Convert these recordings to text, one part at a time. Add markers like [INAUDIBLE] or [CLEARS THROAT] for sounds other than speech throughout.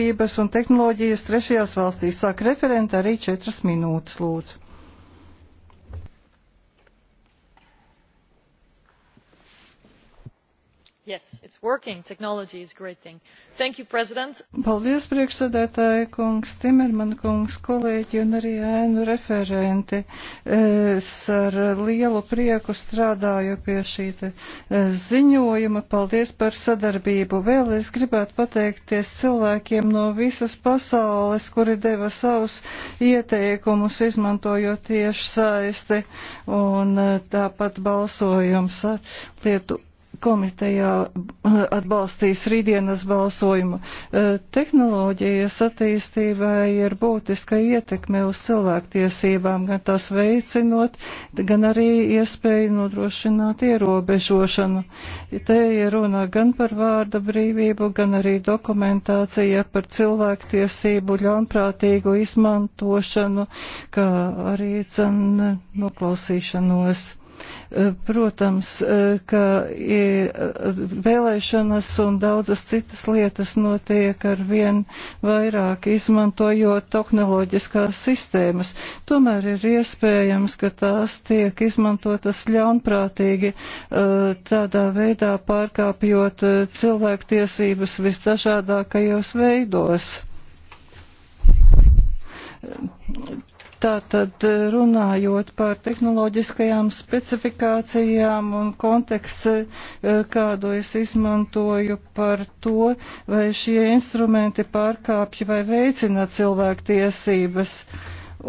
izglītības un tehnoloģijas trešajās valstīs. Sāk referenta arī četras minūtes lūdzu. Yes, it's working. Technology is a great thing. Thank you, President. Paldies, priekšsēdētāji kungs, Timerman kungs, kolēģi un arī ēnu referenti. Es ar lielu prieku strādāju pie šī e, ziņojuma. Paldies par sadarbību. Vēl es gribētu pateikties cilvēkiem no visas pasaules, kuri deva savus ieteikumus, izmantojot tieši saisti un e, tāpat balsojums ar lietu komitejā eh, atbalstīs rītdienas balsojumu. Eh, tehnoloģijas attīstībai ir būtiska ietekme uz cilvēktiesībām, gan tās veicinot, gan arī iespēju nodrošināt ierobežošanu. Te ir runa gan par vārda brīvību, gan arī dokumentācija par cilvēktiesību ļaunprātīgu izmantošanu, kā arī cen noklausīšanos. Eh, protams, eh, ka eh, vēlēšanas un daudzas citas lietas notiek ar vien vairāk izmantojot tehnoloģiskās sistēmas. Tomēr ir iespējams, ka tās tiek izmantotas ļaunprātīgi, tādā veidā pārkāpjot cilvēktiesības visdažādākajos veidos Tātad eh, runājot par tehnoloģiskajām specifikācijām un kontekstu, eh, kādu es izmantoju par to, vai šie instrumenti pārkāpja vai veicina cilvēktiesības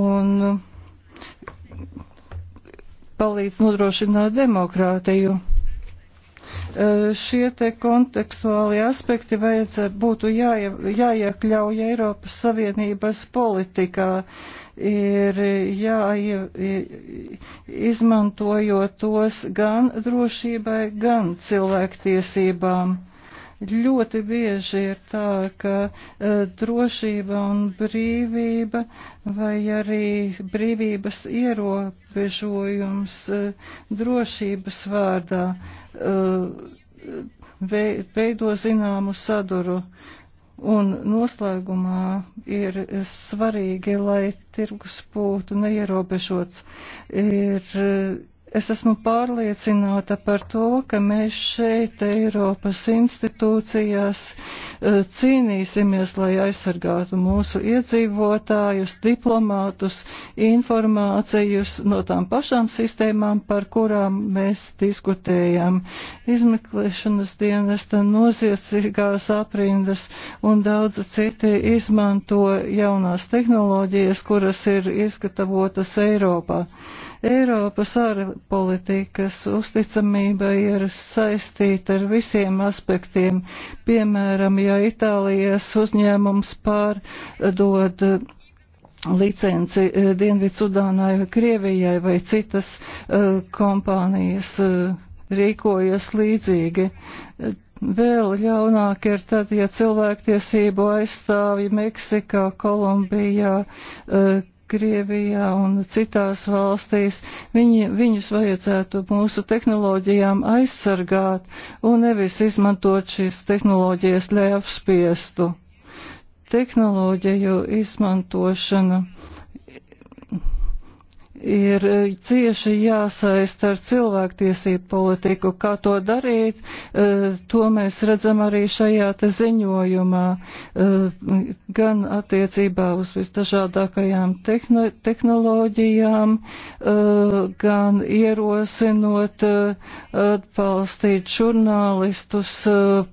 un palīdz nodrošināt demokrātiju. Šie te kontekstuālie aspekti vajadzētu būtu jāie, jāiekļauj Eiropas Savienības politikā ir jāizmantojot tos gan drošībai, gan cilvēktiesībām. Ļoti bieži ir tā, ka uh, drošība un brīvība vai arī brīvības ierobežojums uh, drošības vārdā uh, veido zināmu saduru. Un noslēgumā ir svarīgi, lai tirgus būtu neierobežots. Ir, es esmu pārliecināta par to, ka mēs šeit Eiropas institūcijā institūcijās, eh, cīnīsimies, lai aizsargātu mūsu iedzīvotājus, diplomātus, informācijus no tām pašām sistēmām, par kurām mēs diskutējam. Izmeklēšanas dienesta noziedzīgās aprindas un daudz citi izmanto jaunās tehnoloģijas, kuras ir izgatavotas Eiropā. Eiropas ārpolitikas uzticamība ir saistīta ar visiem aspektiem valstīm. Piemēram, ja Itālijas uzņēmums pārdod licenci eh, Dienvidsudānai vai Krievijai vai citas uh, kompānijas uh, rīkojas līdzīgi. Vēl ļaunāk ir tad, ja cilvēktiesību aizstāvi Meksikā, Kolumbijā, uh, Krievijā un citās valstīs, viņi, viņus vajadzētu mūsu tehnoloģijām aizsargāt un nevis izmantot šīs tehnoloģijas, lai apspiestu. Tehnoloģiju izmantošana ir e, cieši jāsaista ar cilvēktiesību politiku. Kā to darīt, e, to mēs redzam arī šajā te ziņojumā, e, gan attiecībā uz visdažādākajām tehnoloģijām, gan ierosinot atbalstīt žurnālistus,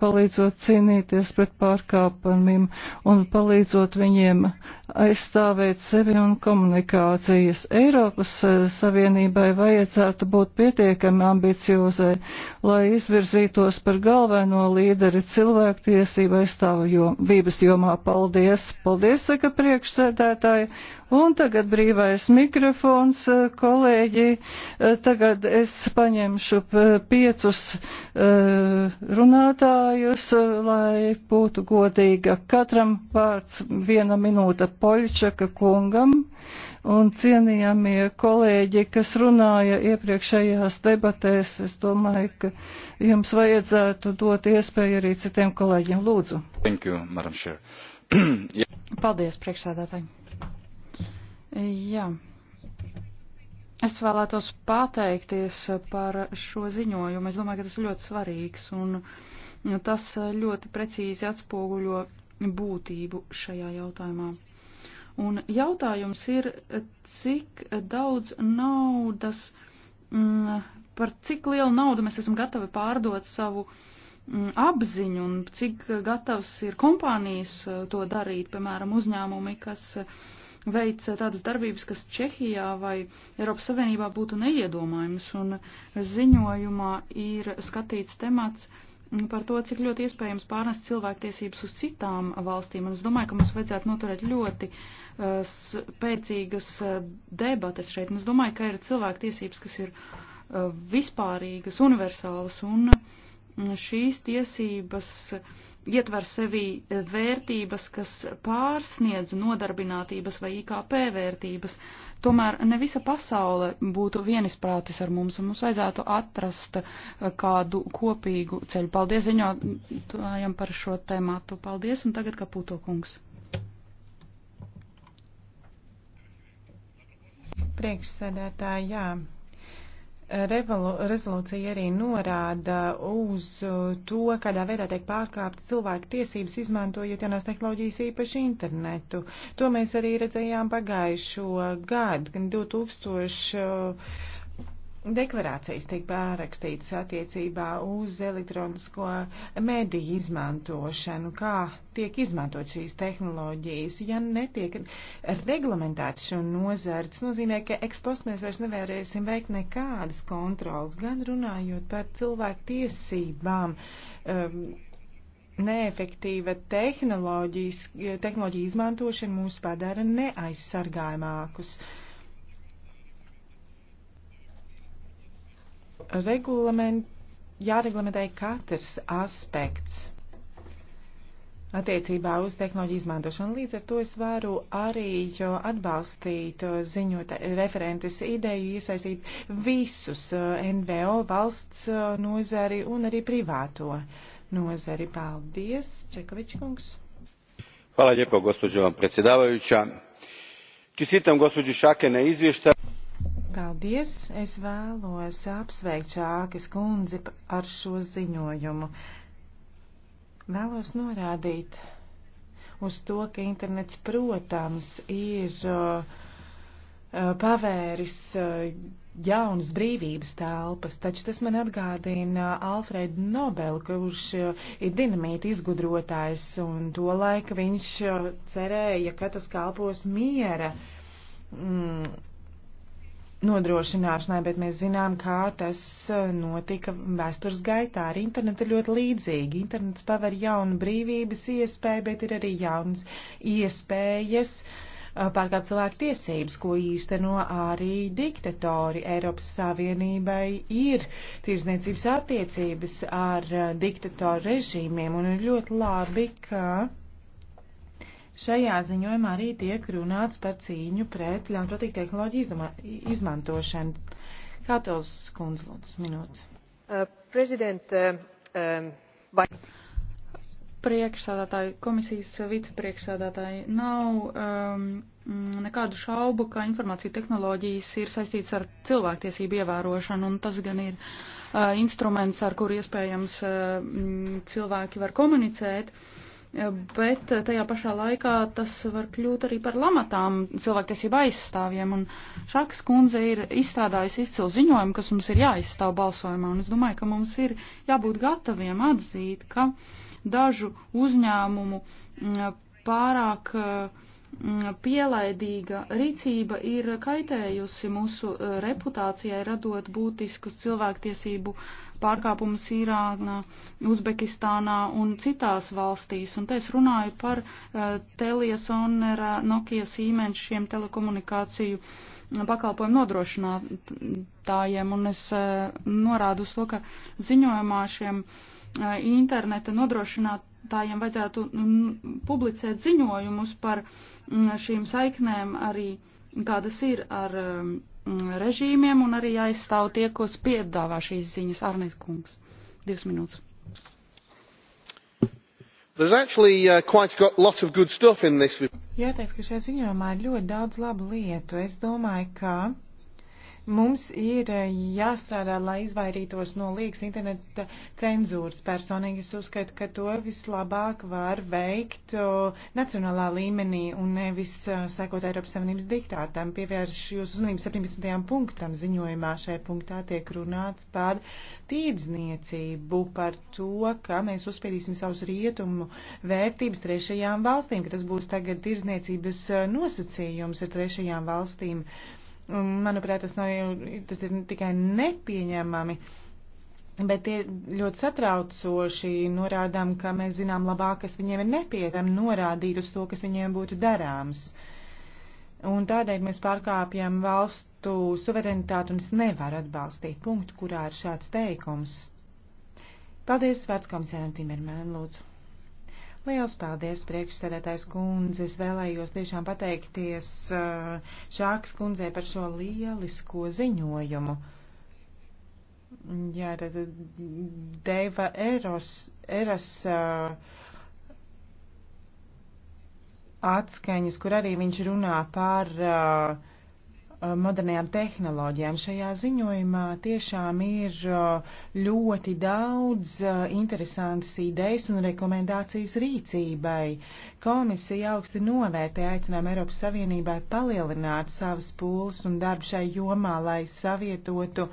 palīdzot cīnīties pret pārkāpumiem un palīdzot viņiem aizstāvēt sevi un komunikācijas. Eiropas e, Savienībai vajadzētu būt pietiekami ambiciozai, lai izvirzītos par galveno līderi cilvēktiesību aizstāvības jomā. Paldies! Paldies, saka priekšsēdētāji! Un tagad brīvais mikrofons, e, kolēģi. E, tagad es paņemšu piecus runātājus, lai būtu godīga. Katram vārds viena minūte. Poļčaka kungam un cienījamie kolēģi, kas runāja iepriekšējās debatēs. Es domāju, ka jums vajadzētu dot iespēju arī citiem kolēģiem. Lūdzu. Thank you, Madam Chair. [CLEARS THROAT] yeah. Paldies, priekšsēdētāji. Jā. Es vēlētos pateikties par šo ziņojumu. Es domāju, ka tas ir ļoti svarīgs un tas ļoti precīzi atspoguļo būtību šajā jautājumā. Un jautājums ir, cik daudz naudas, m, mm, par cik lielu naudu mēs esam gatavi pārdot savu m, mm, apziņu un cik gatavs ir kompānijas eh, to darīt, piemēram, uzņēmumi, kas eh, veic eh, tādas darbības, kas Čehijā vai Eiropas Savienībā būtu neiedomājums. Un ziņojumā ir skatīts temats, uh, par to, cik ļoti iespējams pārnest cilvēktiesības uz citām valstīm. Un es domāju, ka mums vajadzētu noturēt ļoti uh, spēcīgas uh, debates šeit. Un es domāju, ka ir cilvēktiesības, kas ir uh, vispārīgas, universālas, un uh, šīs tiesības uh, ietver sevī eh, vērtības, kas pārsniedz nodarbinātības vai IKP vērtības. Tomēr ne visa pasaule būtu vienisprātis ar mums, un mums vajadzētu atrast eh, kādu kopīgu ceļu. Paldies ziņotājiem par šo tēmatu. Paldies, un tagad Kaputo kungs. Priekšsēdētāji, jā, Revolu, rezolūcija arī norāda uz uh, to, kādā veidā tiek pārkāptas cilvēku tiesības izmantojot jaunās tehnoloģijas īpaši internetu. To mēs arī redzējām pagājušo gadu, gan 2000 deklarācijas tiek pārrakstītas attiecībā uz elektronisko mediju izmantošanu, kā tiek izmantot šīs tehnoloģijas. Ja netiek reglamentēts šo nozari, tas nozīmē, ka ekspost mēs vairs nevarēsim veikt nekādas kontrolas, gan runājot par cilvēku tiesībām. Um, Neefektīva tehnoloģija izmantošana mūs padara neaizsargājumākus. Uh, regulament, jāreglamentē katrs aspekts attiecībā uz tehnoloģiju izmantošanu. Līdz ar to es varu arī atbalstīt ziņot e, referentes ideju, iesaistīt visus NVO valsts nozari un arī privāto nozari. Paldies, Čekovičkungs. Hvala lijepo, gospođo predsjedavajuća. Čestitam gospođi Šake na izvještaj. Paldies! Es vēlos apsveikt Čākas kundzi ar šo ziņojumu. Vēlos norādīt uz to, ka internets, protams, ir uh, uh pavēris uh, jaunas brīvības telpas, taču tas man atgādina uh, Alfredu Nobelu, kurš ir dinamīta izgudrotājs, un to laika viņš cerēja, ka tas kalpos miera. Mm nodrošināšanai, bet mēs zinām, kā tas eh, notika vēstures gaitā. Ar internetu ir ļoti līdzīgi. Internets paver jaunu brīvības iespēju, bet ir arī jaunas iespējas eh, pārkāpt cilvēku tiesības, ko īsteno arī diktatori. Eiropas Savienībai ir tirzniecības attiecības ar eh, diktatoru režīmiem, un ir ļoti labi, ka Šajā ziņojumā arī tiek runāts par cīņu pret ļaunprātīgu tehnoloģiju izmantošanu. Kātos skundz lūdzu minūtes? Uh, Prezident, uh, um, vai... Priekšsādātāji, komisijas vicepriekšsādātāji, nav um, nekādu šaubu, ka informāciju tehnoloģijas ir saistīts ar cilvēktiesību ievērošanu, un tas gan ir uh, instruments, ar kur iespējams uh, cilvēki var komunicēt. Uh, bet eh, tajā pašā laikā tas var kļūt arī par lamatām cilvēktiesību aizstāvjiem. Un Šakas kundze ir izstrādājusi izcilu ziņojumu, kas mums ir jāizstāv balsojumā. Un es domāju, ka mums ir jābūt gataviem atzīt, ka dažu uzņēmumu mm, pārāk uh, Mm, pielaidīga rīcība ir kaitējusi mūsu eh, reputācijai, radot būtiskus cilvēktiesību pārkāpumus Irānā, Uzbekistānā un citās valstīs. Un te es runāju par uh, eh, Telijas Onera, Nokia Siemens šiem telekomunikāciju mm, pakalpojumu nodrošinātājiem. Un es uh, norādu uz to, ka ziņojumā šiem uh, interneta nodrošinātājiem vajadzētu mm, publicēt ziņojumus par mm, šīm saiknēm arī, kādas ir ar mm, režīmiem un arī aizstāv tie, kas piedāvā šīs ziņas. Arnēs kungs, divas minūtes. There's actually uh, quite a lot of good stuff in this. Jāteic, ka šajā ziņojumā ir ļoti daudz labu lietu. Es domāju, ka Mums ir eh, jāstrādā, lai izvairītos no līgas interneta cenzūras. Personīgi es uzskatu, ka to vislabāk var veikt nacionālā līmenī un nevis eh, sekot Eiropas Savienības diktātam. Pievērš jūs uzmanību 17. punktam ziņojumā. Šajā punktā tiek runāts par tīdzniecību, par to, ka mēs uzspiedīsim savus rietumu vērtības trešajām valstīm, ka tas būs tagad tirdzniecības eh, nosacījums ar trešajām valstīm. Uh, Manuprāt, tas, nav, tas ir tikai nepieņemami. Bet tie ļoti satraucoši norādām, ka mēs zinām labāk, kas viņiem ir nepieciešams, norādīt uz to, kas viņiem būtu darāms. Un tādēļ mēs pārkāpjam valstu suverenitāti un es nevaru atbalstīt punktu, kurā ir šāds teikums. Paldies, Svētskomisēram Timermēnam, lūdzu. Liels paldies, priekšsēdētājs kundze. Es vēlējos tiešām pateikties uh, Šāks kundzei par šo lielisko ziņojumu. Jā, tad mm, Deva Eros, Eras uh, atskaņas, kur arī viņš runā par uh, Uh, modernajām tehnoloģijām. Šajā ziņojumā tiešām ir uh, ļoti daudz uh, interesantas idejas un rekomendācijas rīcībai. Komisija augsti novērtē aicinājumu Eiropas Savienībai palielināt savas pūles un darbu šai jomā, lai savietotu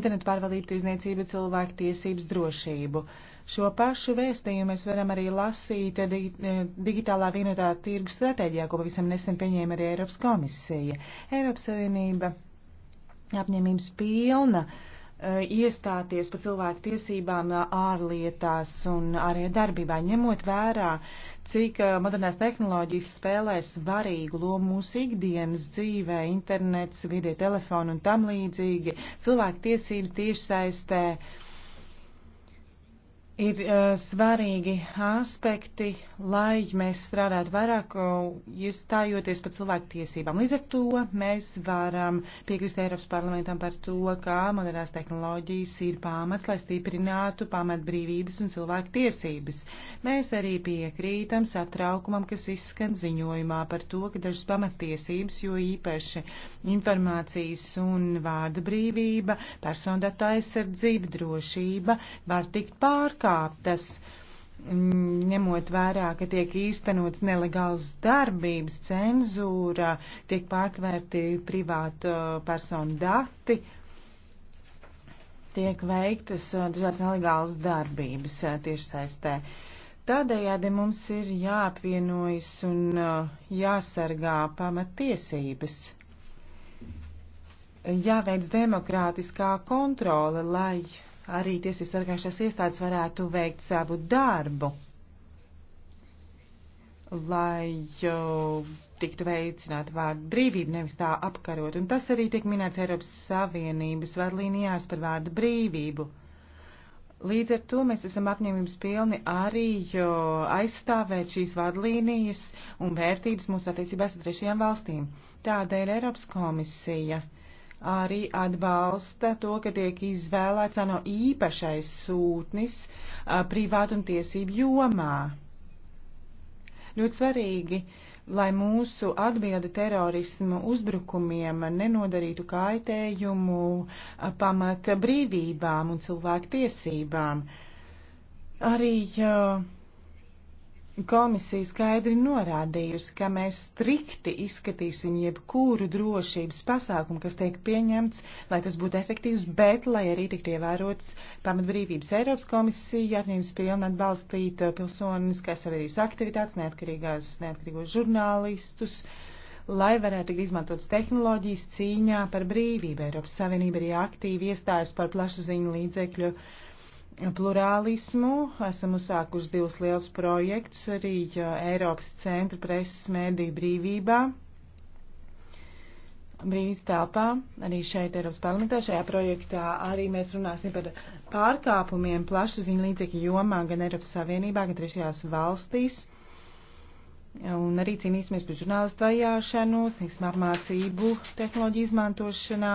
internetu pārvaldību, tirzniecību, cilvēku tiesības drošību. Uh, Šo pašu vēstījumu mēs varam arī lasīt eh, di eh, digitālā vienotā tirgu stratēģijā, ko pavisam nesen pieņēma arī Eiropas komisija. Eiropas Savienība apņemības pilna eh, iestāties par cilvēku tiesībām ārlietās un arī darbībā, ņemot vērā, cik modernās tehnoloģijas spēlē svarīgu lomu mūsu ikdienas dzīvē, internets, viedie telefoni un tam līdzīgi, cilvēku tiesības tiešsaistē. saistē ir uh, svarīgi aspekti, lai mēs strādātu vairāk, iestājoties par cilvēku tiesībām. Līdz ar to mēs varam piekrist Eiropas parlamentam par to, kā modernās tehnoloģijas ir pamats, lai stiprinātu pamatbrīvības un cilvēku tiesības. Mēs arī piekrītam satraukumam, kas izskan ziņojumā par to, ka dažas pamattiesības, jo īpaši informācijas un vārda brīvība, persondata aizsardzība, drošība var tikt pārkāpta pārkāptas, ņemot vērā, ka tiek īstenots nelegāls darbības, cenzūra, tiek pārtvērti privātu uh, personu dati, tiek veiktas uh, dažādas nelegālas darbības uh, tiešsaistē. Tādējādi mums ir jāapvienojas un jāsargā pamatiesības. Jāveic demokrātiskā kontrole, lai arī tiesību sargājušās iestādes varētu veikt savu darbu, lai tiktu veicināta vārdu brīvība, nevis tā apkarot. Un tas arī tiek minēts Eiropas Savienības vadlīnijās par vārdu brīvību. Līdz ar to mēs esam apņēmības pilni arī aizstāvēt šīs vadlīnijas un vērtības mūsu attiecībās ar trešajām valstīm. Tādēļ Eiropas komisija uh, arī atbalsta to, ka tiek izvēlēts no īpašais sūtnis privātu un tiesību jomā. Ļoti svarīgi, lai mūsu atbildi terorismu uzbrukumiem nenodarītu kaitējumu pamata brīvībām un cilvēku tiesībām. Arī uh, Komisija skaidri norādījusi, ka mēs strikti izskatīsim jebkuru drošības pasākumu, kas tiek pieņemts, lai tas būtu efektīvs, bet lai arī tiktu ievērots pamatbrīvības Eiropas komisija, apņēmis pilni atbalstīt uh, pilsoniskās sabiedrības aktivitātes, neatkarīgās, neatkarīgos žurnālistus, lai varētu tikt izmantotas tehnoloģijas cīņā par brīvību. Eiropas Savienība arī aktīvi iestājas par plašu ziņu līdzekļu plurālismu. Esam uzsākuši divus lielus projektus arī Eiropas centra preses mēdī brīvībā. Brīz telpā, arī šeit Eiropas parlamentā, šajā projektā arī mēs runāsim par pārkāpumiem plašsaziņu līdzekļu jomā gan Eiropas Savienībā, gan trešajās valstīs. Un arī cīnīsimies par žurnālistu vajāšanu, sniegsim apmācību tehnoloģiju izmantošanā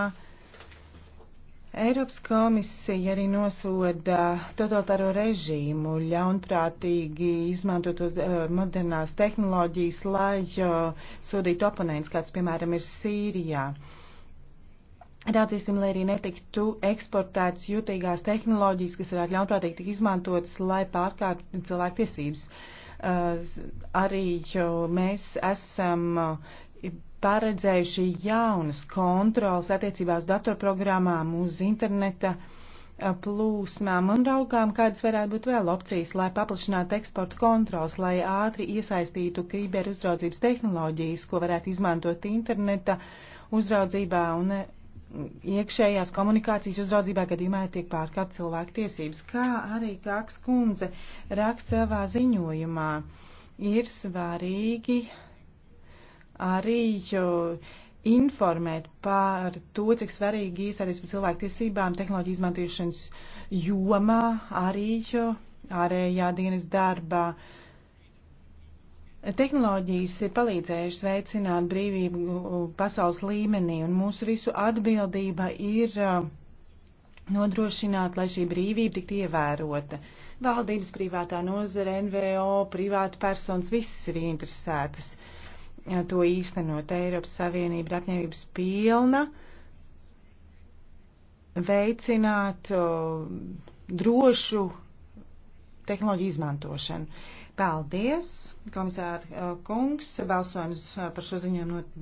Eiropas komisija arī nosoda totalitāro režīmu, ļaunprātīgi izmantot eh, modernās tehnoloģijas, lai eh, sodītu oponents, kāds, piemēram, ir Sīrijā. Raudzīsim, lai arī netiktu eksportēts jūtīgās tehnoloģijas, kas varētu ļaunprātīgi tik izmantotas, lai pārkārt cilvēku tiesības. Uh, arī mēs esam paredzējuši jaunas kontrolas attiecībās datorprogrammām uz interneta plūsmām un raugām, kādas varētu būt vēl opcijas, lai paplašinātu eksporta kontrols, lai ātri iesaistītu kiberuzraudzības tehnoloģijas, ko varētu izmantot interneta uzraudzībā un e, iekšējās komunikācijas uzraudzībā gadījumā tiek pārkāpt cilvēku tiesības, kā arī Kāks kundze raksta savā ziņojumā. Ir svarīgi arī informēt par to, cik svarīgi īstenībā par cilvēktiesībām, tehnoloģiju izmantošanas jomā, arī ārējā dienas darbā. Tehnoloģijas ir palīdzējušas veicināt brīvību pasaules līmenī, un mūsu visu atbildība ir uh, nodrošināt, lai šī brīvība tiktu ievērota. Valdības privātā nozare, NVO, privāta personas, visas ir interesētas. Uh, to īstenot. Eiropas Savienība ir apņēmības pilna veicināt drošu tehnoloģiju izmantošanu. Paldies, komisāra kungs. Balsojums par šo ziņojumu not...